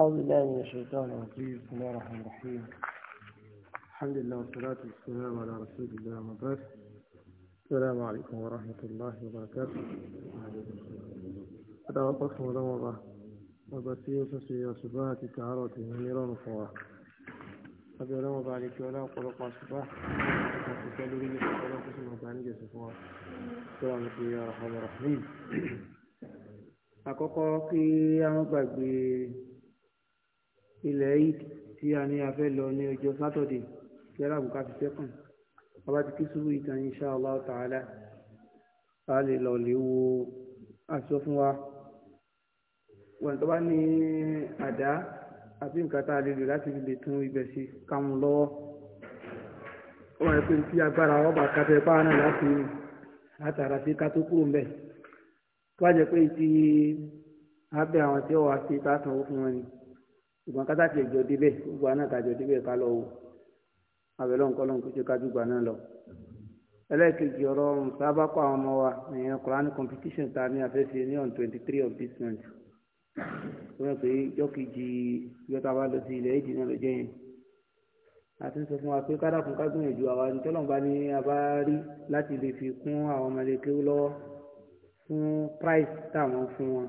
أعوذ بالله من الشيطان الرجيم بسم الله الرحمن الرحيم الحمد لله والصلاة والسلام على رسول الله وبعد السلام عليكم ورحمة الله وبركاته أتوقف مدمرة وبسيء سسيء صباحة كهرة نيران فوا أبي لما بعليك ولا أقول قوى صباح أتسألوا لي أقول قسم أبعني جسفوا السلام عليكم يا رحمة الرحيم أقول قوى قيام بقبي ilẹ̀ eid tí a ní a fẹ́ lọ ní ọjọ́ sátọ̀dẹ̀ tí aráàbù ká fi sẹ́kàn bàbá ti kí sùúrù ìtàn insha Allah ta'ala a lè lọ lè wo aṣọ fún wa wọn tó bá ní àdá àti nǹkan tá a lè lò láti fi lè tún ibẹ̀ sí káwọn lọ́wọ́ ó wà pé tí agbára ọba kàtẹ́ bá náà láti látara sí ká kúrò mbẹ̀ tó bá jẹ́ pé ti abẹ́ àwọn tí ó wà sí ìtàkùn owó fún wọn ni ṣùgbọ́n kátà tí ìjọ débẹ̀ gbogbo àná tàjọ débẹ̀ ká lọ wò abẹ́lẹ́ ọ̀nkọ́lọ́ nkúṣe ká dùgbà náà lọ. ẹlẹ́ẹ̀kejì ọ̀rọ̀ sábàkọ́ àwọn ọmọ wa ìyẹn Quran competition ta ní afẹ́fẹ́ ní on twenty three of this month. wọ́n pè é jọ́kejì yọta bá lọ sí ilẹ̀ èdè náà lọ́jọ́ yẹn. àti sọ fún wa pé kádàkùn ká gbìyànjú àwa ní tọ́lọ́mùbá ní abá rí láti lè fi kún àwọn ọmọlẹ́kẹ́ lọ́wọ́ fún price táwọn fún wọn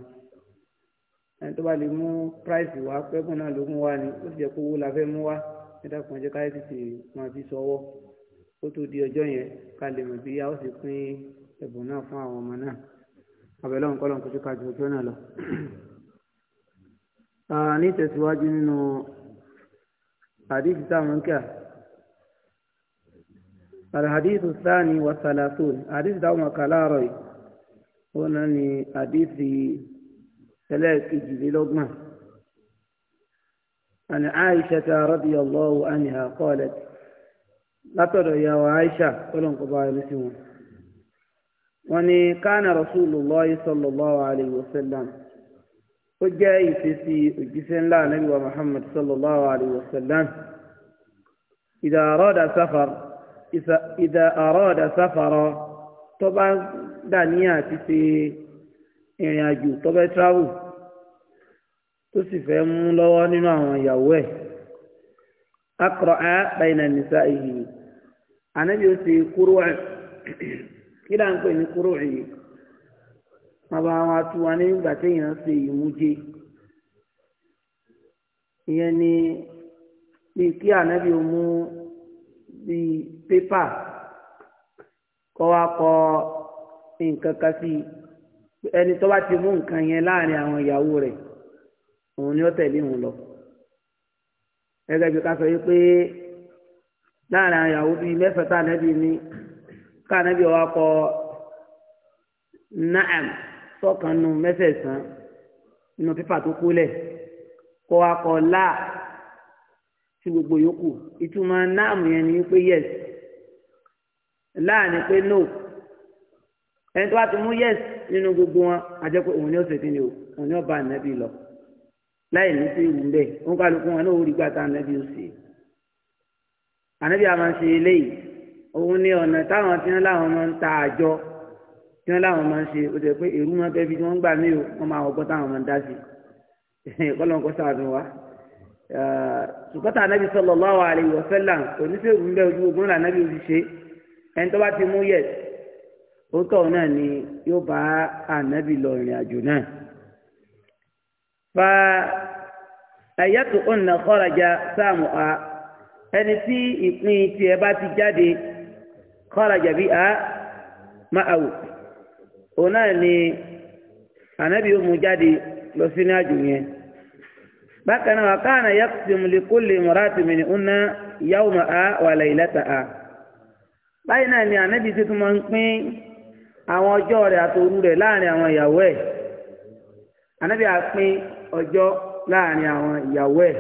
ẹni tó bá lè mú price wá pẹ́kùn náà ló mú wá ni ó sì jẹ́ kó owó la fẹ́ mú wá nídàkùn ọjọ́ káyọ̀ tètè máa fi sọ́wọ́ ó tó di ọjọ́ yẹn ká lè mọ̀ bí a ó sì pín ẹ̀bùn náà fún àwọn ọmọ náà àbẹ̀lẹ́ òǹkọ́ lọ́n kojú ká ju ọjọ́ náà lọ. ní ìtẹ̀síwájú nínú àdìsí táwọn ń kà الحديث الثاني والثلاثون حديث دعوة كالاري هنا حديث ẹlẹ́ẹ̀kejìlélọ́gbọ̀n. عن عائشة رضي الله عنها قالت látọ̀dọ̀ ìyàwó aisha kọ́lọ̀n kọba ẹni sí wọn wọn ni kánà rasulullahi sallallahu alayhi wa sallam ó jẹ́ ìfèsì òjíṣẹ́ ńlá nabi wa muhammad sallallahu alayhi wa sallam ìdá àrọ́ọ̀dà sáfàrọ̀ tó bá dà ní àti ṣe ìrìn àjò tó bá travel tó sì fẹ́ mú lọ́wọ́ nínú àwọn ìyàwó ẹ̀ akọrọ ẹ bẹ́yìnà nìsa ìhì ànábi ó sì kúrò ẹ̀ kí là ń pè ní kúrò ẹ̀ bàbá wa tu wa nígbà téèyàn ṣe ìmúje ìyẹn ni bí kí ànábi ó mú bí pépà kọ́ wa kọ́ nǹkan kan sí ẹni tó bá ti mú nǹkan yẹn láàrin àwọn ìyàwó rẹ̀ òun ni ó tẹ̀lé òun lọ gẹ́gẹ́ bí ká sọ yìí pé láàrin àwọn ìyàwó bíi mẹ́fẹ̀ẹ́ tá ànábì ní ká ànábì wa kọ naam sọ́kan nu mẹ́fẹ̀ẹ̀sán nínú pípà tó kú lẹ̀ kó wa kọ láà sí gbogbo yòókù ìtumọ̀ naam yẹn ni pé yes láà ni pé no ẹni tó bá ti mú yes nínú gbogbo wọn àjẹpẹ́ òun ni ó ṣètìlẹ̀ o òun ni ó bá ànábì lọ láì ní sí ìwù bẹ́ẹ̀ wọn kálukú wọn náà ó rí gbàtà ànábì òsè ànábì àmà ṣe eléyìí òun ní ọ̀nà táwọn tí wọn láwọn máa ń ta àjọ tí wọn láwọn máa ń ṣe ó jẹ pé èrú máa bẹ́ẹ̀ bí wọ́n gbà mí o wọ́n máa wọ́pọ̀ táwọn máa ń dá sí kọ́lọ́nkọ́ sàánú wa ṣùgbọ́n ànábì sallallahu alaihi wa sallam kò ní sí ìwù bẹ́ẹ̀ ojú ogun là ànábì òsì ṣe ẹni tó bá ti mú fàáyàtò ọ̀nà kọ́rajà sáàmù a ẹni tí ìpín tiẹ̀ bá ti jáde kọ́rajà bí a máa wò òun náà ni ànábì yóò mú jáde lọ sí ní àjò yẹn bákan náà wàkàna yaqsim li kulli imra'atin minhunna yawmaha wa laylataha báyìí náà ni ànábì tuntun máa ń pín àwọn ọjọ́ rẹ̀ àtòru rẹ̀ láàrin àwọn ìyàwó ẹ̀ ànábì àpín ọjọ́ láàrin àwọn ìyàwó ẹ̀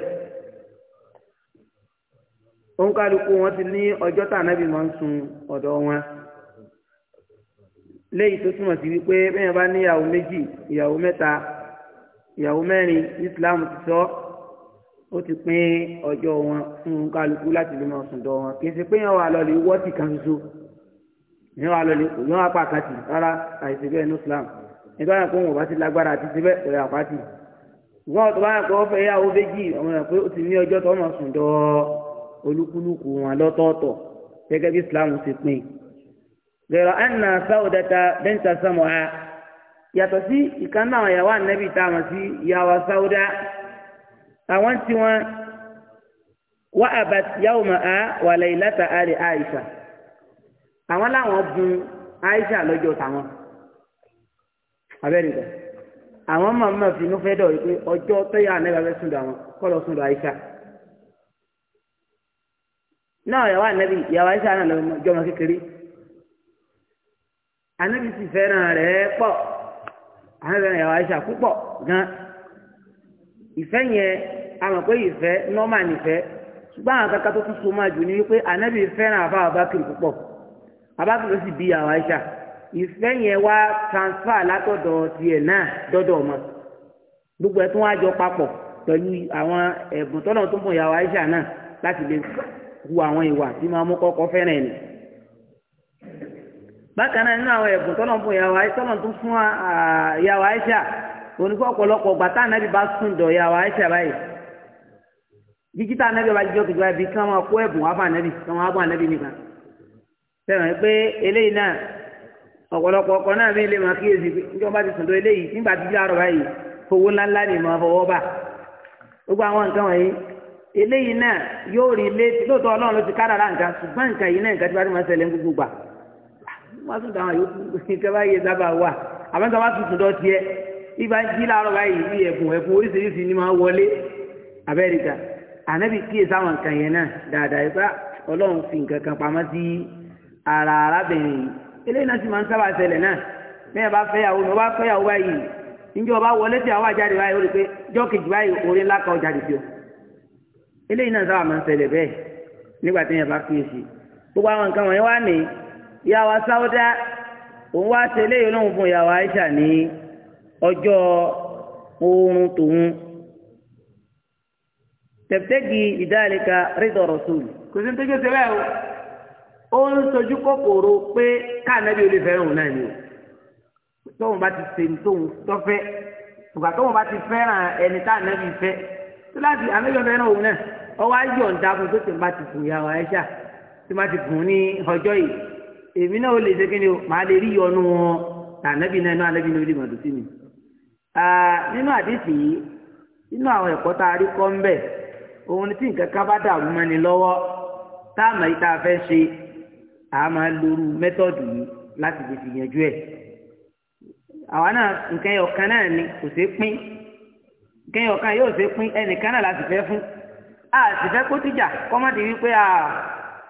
òǹkàlùkù wọn ti ní ọjọ́ tá ànábì máa ń sun ọ̀dọ̀ wọn léyìí tó túmọ̀ sí wípé bẹ́ẹ̀ bá ní ìyàwó méjì ìyàwó mẹ́ta ìyàwó mẹ́rin Islam ti sọ ó ti pín ọjọ́ wọn fún òǹkàlùkù láti lè máa sùn dọ̀ wọn kì í ṣe pé yẹn wà lọ́ọ́ lè wọ́ọ̀tì kan ṣoṣo yẹn wà lọ́ọ́ lè kò yẹn wà pàkàtì rárá àìsí bẹ́ẹ̀ ní Islam nígbà yẹn kó wọn bá ti lágbára àti ti bẹ́ẹ̀ pẹ̀lú àpáàtì wọn tó bá kọ́ fẹ́ ya méjì ọmọ rẹ̀ pé ó ti ní ọjọ́ tó máa sùn dọ́ olúkúlùkù wọn lọ́tọ̀ọ̀tọ̀ gẹ́gẹ́ bí Islam ṣe pín gẹ̀rọ ẹ̀nà sáwùdẹ́ta bẹ́ńtà sàmùhà yàtọ̀ sí a sí yàwó sáwùdá àwọn tí wọn wá àbàt yàwó mà wà látà àwọn abẹ́rẹ́ àwọn máa máa fi inú fẹ́ dọ̀ wípé ọjọ́ tẹ́yà ànẹ́bà fẹ́ sùn àwọn kọ́ lọ sùn àyíṣà náà yàwó ànẹ́bì yàwó àyíṣà náà lọ́wọ́ jọmọ kékeré ànẹ́bì sì fẹ́ràn rẹ̀ pọ̀ ànẹ́bì fẹ́ràn yàwó àyíṣà púpọ̀ gan ìfẹ́ yẹn àmọ̀ pé ìfẹ́ nìfẹ́ ṣùgbọ́n àwọn kankan tó tún so máa jù ní wípé fẹ́ràn àbá àbákìrì púpọ̀ àbákìrì ó sì bí ìfẹ́ yẹn wá transfer látọ̀dọ̀ tiẹ̀ náà dọ́dọ̀ ọmọ gbogbo ẹ̀ tún wá jọ papọ̀ pẹ̀lú àwọn ẹ̀bùn tọ́nà tó fún ìyàwó Aisha náà láti lè hu àwọn ìwà tí máa mú kọ́kọ́ fẹ́ràn ẹ̀ nì. bákan náà nínú àwọn ẹ̀bùn tọ́nà fún ìyàwó Aisha tọ́nà tó fún ìyàwó Aisha onífọ́ ọ̀pọ̀lọpọ̀ gbàtà ànábì bá sùn dọ̀ ìyàwó Aisha báyìí dígítà ànábì bá jíjọ́ kejì báyìí kí wọ́n kó ẹ̀bùn wá fún ànábì kí wọ́n wá bọ́ ànábì nìkan. sẹ́wọ̀n pé eléyìí náà ọ̀pọ̀lọpọ̀ ọkọ̀ náà mi lè máa kíyèsí pé níjọba ti sùn tó eléyìí nígbà tí láàárọ̀ báyìí fowó ńláńlá ni màá fọwọ́ bà gbogbo àwọn nǹkan wọ̀nyí eléyìí náà yóò rí ilé lóòótọ́ ọlọ́run ló ti kádàrá nǹkan ṣùgbọ́n nǹkan yìí náà nǹkan tí wọ́n ti máa ṣẹlẹ̀ ń gbogbo gbà wọ́n tún dáhùn yòókù nǹkan báyìí sábà wà àmọ́ tí wọ́n bá tuntun dọ́ tiẹ̀ ibà jí láàárọ̀ báyìí bí ẹ̀bùn ẹ̀bùn oríṣiríṣi ni máa wọlé abẹ́rẹ́ta ànábì kíyè sáwọn nǹkan yẹn náà dáadáa ipá ọlọ́run fi nǹkan kan pamọ́ sí ara arábìnrin yìí eléyìí náà sì máa ń sábà ṣẹlẹ̀ náà bẹ́ẹ̀ bá fẹ́ yàwó ni ọba fẹ́ yàwó báyìí níjọ́ ọba wọlé tí àwọn àjáde báyìí ó rí pé jọ́ kejì báyìí orí ńlá kan jáde fi o eléyìí náà sábà máa ń ṣẹlẹ̀ bẹ́ẹ̀ nígbà tí yẹn bá kíyèsí gbogbo àwọn nǹkan wọ̀nyí wá ní ìyàwó sáwọ́dá òun wá ṣe eléyìí lóhùn fún ìyàwó Aisha ní ọjọ́ oorun tòun tẹ̀tẹ́gì ìdáàlẹ́ka rídọ̀ ó ń sojú kòkòrò pé káànábì olè fẹ́ràn òun náà ni o tóun bá ti ṣe tóun tọ́fẹ́ ìgbà tóun bá ti fẹ́ràn ẹni káànábì fẹ́ tó láti ànábì fẹ́ràn òun náà ọwọ́ ayọ̀ ń dákun tó ti bá ti fún ìyàwó Aisha tí má ti fún ní ọjọ́ yìí èmi náà ó lè ṣe kíni o màá lè rí ìyọnu wọn ànábì náà inú ànábì náà ó lè mọ̀ lóṣù mi. nínú àdìsí yìí nínú àwọn ẹ̀kọ́ tá a rí kọ́ ń bẹ̀ òun ni nǹkan ká bá dààmú mẹ́ni lọ́wọ́ táàmù yìí tá a fẹ́ ṣe a máa lóru mẹ́tọ́ọ̀dù yìí láti lè fi yanjú ẹ̀ àwa náà nǹkan ẹyọ náà ni kò ṣeé pín nǹkan ẹyọ kan yóò ṣeé pín ẹnìkan náà láti fẹ́ fún a sì fẹ́ kó tíjà kọ́mọ́tì wípé a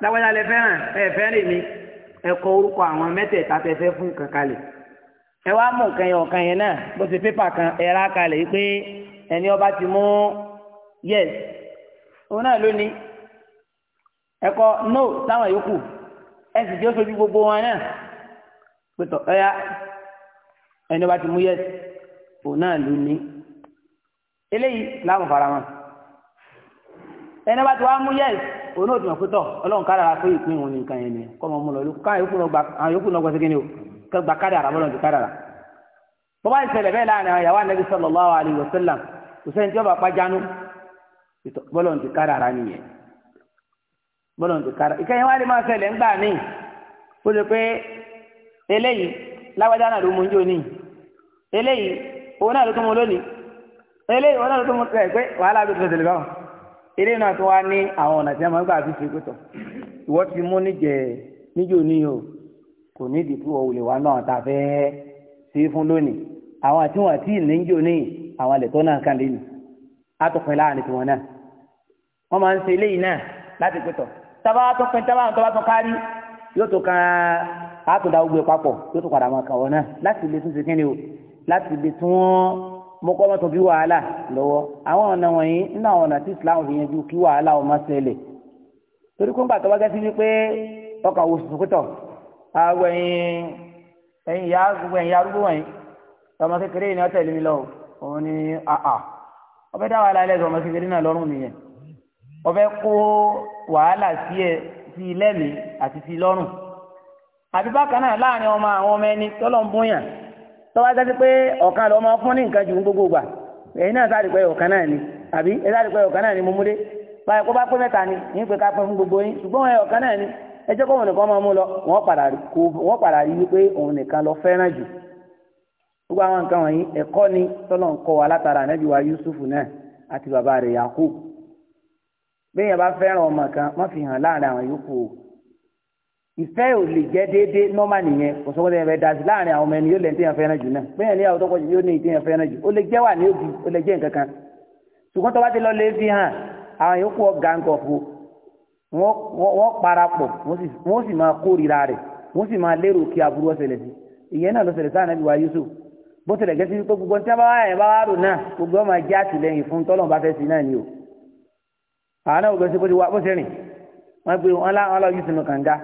lágbájá lẹ fẹ́ràn ẹ fẹ́ràn mi ẹ kọ orúkọ àwọn mẹ́tẹ̀ẹ̀ta tẹ fẹ́ fún kankalẹ̀ ẹ wá mú nǹkan yẹn ọ̀kan yẹn náà bó ṣe pépà kan ẹ kalẹ̀ pé ẹni ọba ti mú yes òun náà ló ẹ kọ no táwọn yòókù ẹ sì jẹ́ sojú gbogbo wọn náà pẹ̀tọ̀ ẹ̀yà ẹni ọba ti mú yẹ òun náà ló ní eléyìí láwọn faramọ́ ẹni ọba ti wá mú yẹ òun náà ti mọ̀ pẹ̀tọ̀ ọlọ́run kádàrá pé ìpín òun nìkan yẹn ni kọ́ ọmọ ọmọ lọ káwọn yòókù náà gbọ́ sí kíni o kọ́ gba kádàrá bọ́lọ̀ ju kádàrá bọ́bá ìṣẹ̀lẹ̀ bẹ́ẹ̀ láàrin àwọn ìyàwó anabi sallallahu alaihi wasallam kò sẹ́ni tí ọba pàjánu bọ́lọ̀ ju kádàrá nìyẹn bọ́lá ń ti kára ìkẹyìn wá lè máa ṣẹlẹ̀ ńgbà míì ó lè pé eléyìí lágbájá náà ló mú oúnjẹ òní eléyìí òun náà ló tó mú lónìí eléyìí òun náà ló tó mú rẹ̀ pé wàhálà ló tó tẹ̀lé báwọn eléyìí náà tó wá ní àwọn ọ̀nà tí a máa ń gbà fi ṣe pẹ̀tọ̀ ìwọ́ ti mú níjẹ̀ níjẹ̀ òní o kò ní ìdí tí wọ́n wulẹ̀ wá náà ta fẹ́ ṣe fún lónìí àwọn àti wọn àti ìníjẹ̀ òní àwọn àlẹ̀ tó náà kàn lé ni á tó pẹ́ láàrin tiwọn náà wọ́n máa ń ṣe eléyìí náà láti pẹ̀tọ̀ tábà tó pin tábà tó bá tó kárí yóò tó kan àtúndà gbogbo papọ̀ yóò tó padà máa kàn wọ́n náà láti lè tún ṣe kíni o láti lè tún mọ́kọ́ mọ́tò bí wàhálà lọ́wọ́ àwọn ọ̀nà wọ̀nyí nínú àwọn ọ̀nà tí Islam fi yanjú kí wàhálà ọmọ ṣẹlẹ̀ torí kó ń gbà tó bá gẹ́sí wípé ọkọ̀ wo sùn kútọ̀ àwọn ẹ̀yìn ẹ̀yìn ìyá gbogbo ẹ̀yìn arúgbó wọ̀nyí ọmọ kékeré yìí ni ọ wọ́n kó wàhálà sí ẹ sí ilé mi àti sí lọrùn àbí bákan náà láàrin ọmọ àwọn ọmọ ẹni tọ́lọ̀ ń bóyàn tọ́wọ́ á sẹ́sẹ́ pé ọ̀kan lọ́mọ fún ní nǹkan jù gbogbo gbà náà sáré pé náà ni àbí ẹ sáré pé náà ni mo múlé báyìí kó bá pé ni gbogbo yín ṣùgbọ́n ẹ náà ni ẹ jẹ́ kó lọ padà rí wípé òun Yusuf náà àti bàbá bẹ́ẹ̀ bá fẹ́ràn ọmọ kan wọ́n fi hàn láàrin àwọn yòókù o ìfẹ́ ò lè jẹ́ déédéé nọ́mà nìyẹn kò sọ́kọ́ tẹ́yẹ fẹ́ da sí láàrin àwọn ọmọ ẹni yóò lẹ́ni tẹ́yẹ fẹ́ràn jù náà bẹ́ẹ̀ ni àwọn tọ́kọ yóò ní ìtẹ́yẹ fẹ́ràn jù ó lè jẹ́ wà ní òbí ó lè jẹ́ nǹkan kan ṣùgbọ́n tó bá ti lọ lè fi hàn àwọn yòókù ọ̀gá wọ́n parapọ̀ wọ́n sì máa kórìíra rẹ̀ wọ́n sì máa lérò kí aburú ọ̀sẹ̀lẹ̀ sí ìyẹn náà ló àwọn náà gbèsè bóti wá bó ṣe rìn wọ́n gbé wọn láwọn ọlọ́yún sínú kànga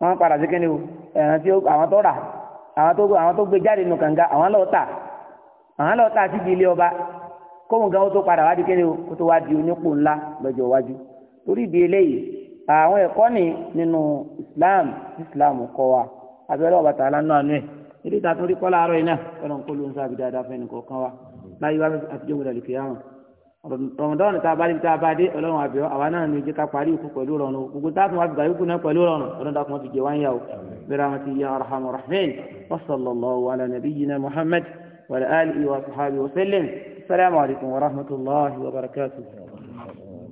wọ́n padà sí kíni o ẹ̀ràn tí àwọn tó rà àwọn tó àwọn tó gbé jáde nínú kànga àwọn lọ́ọ́ tà àwọn lọ́ọ́ tà síbi ilé ọba kóhùn gan ó tó padà wá di kíni o kó tó wá di onípò ńlá lọ́jọ́ iwájú torí ìdí eléyìí àwọn ẹ̀kọ́ ni nínú Islam Islam kọ́ wa abẹ́rẹ́ ọ̀bàtà aláǹdọ̀ àánú ẹ̀ ilé ìtàkùn rí kọ́ láàárọ̀ yìí náà ọ̀nà kó ló ń sábì rọmọdọ́nù tá a bá dé tá a bá dé ọlọ́run àbíọ́ àwa náà ní jẹ́ ká parí ikú pẹ̀lú rọrùn gbogbo tá a tún wá gbà ikú náà pẹ̀lú rọrùn ọlọ́run dàkún wọn ti jẹ wáyà o bẹ́ẹ̀rẹ̀ àwọn ti yẹ arahamu rahman wa sallallahu ala nabiyyina muhammad wa ala alihi wa sahbihi wa sallam salamu alaykum wa rahmatulahi wa barakatuh.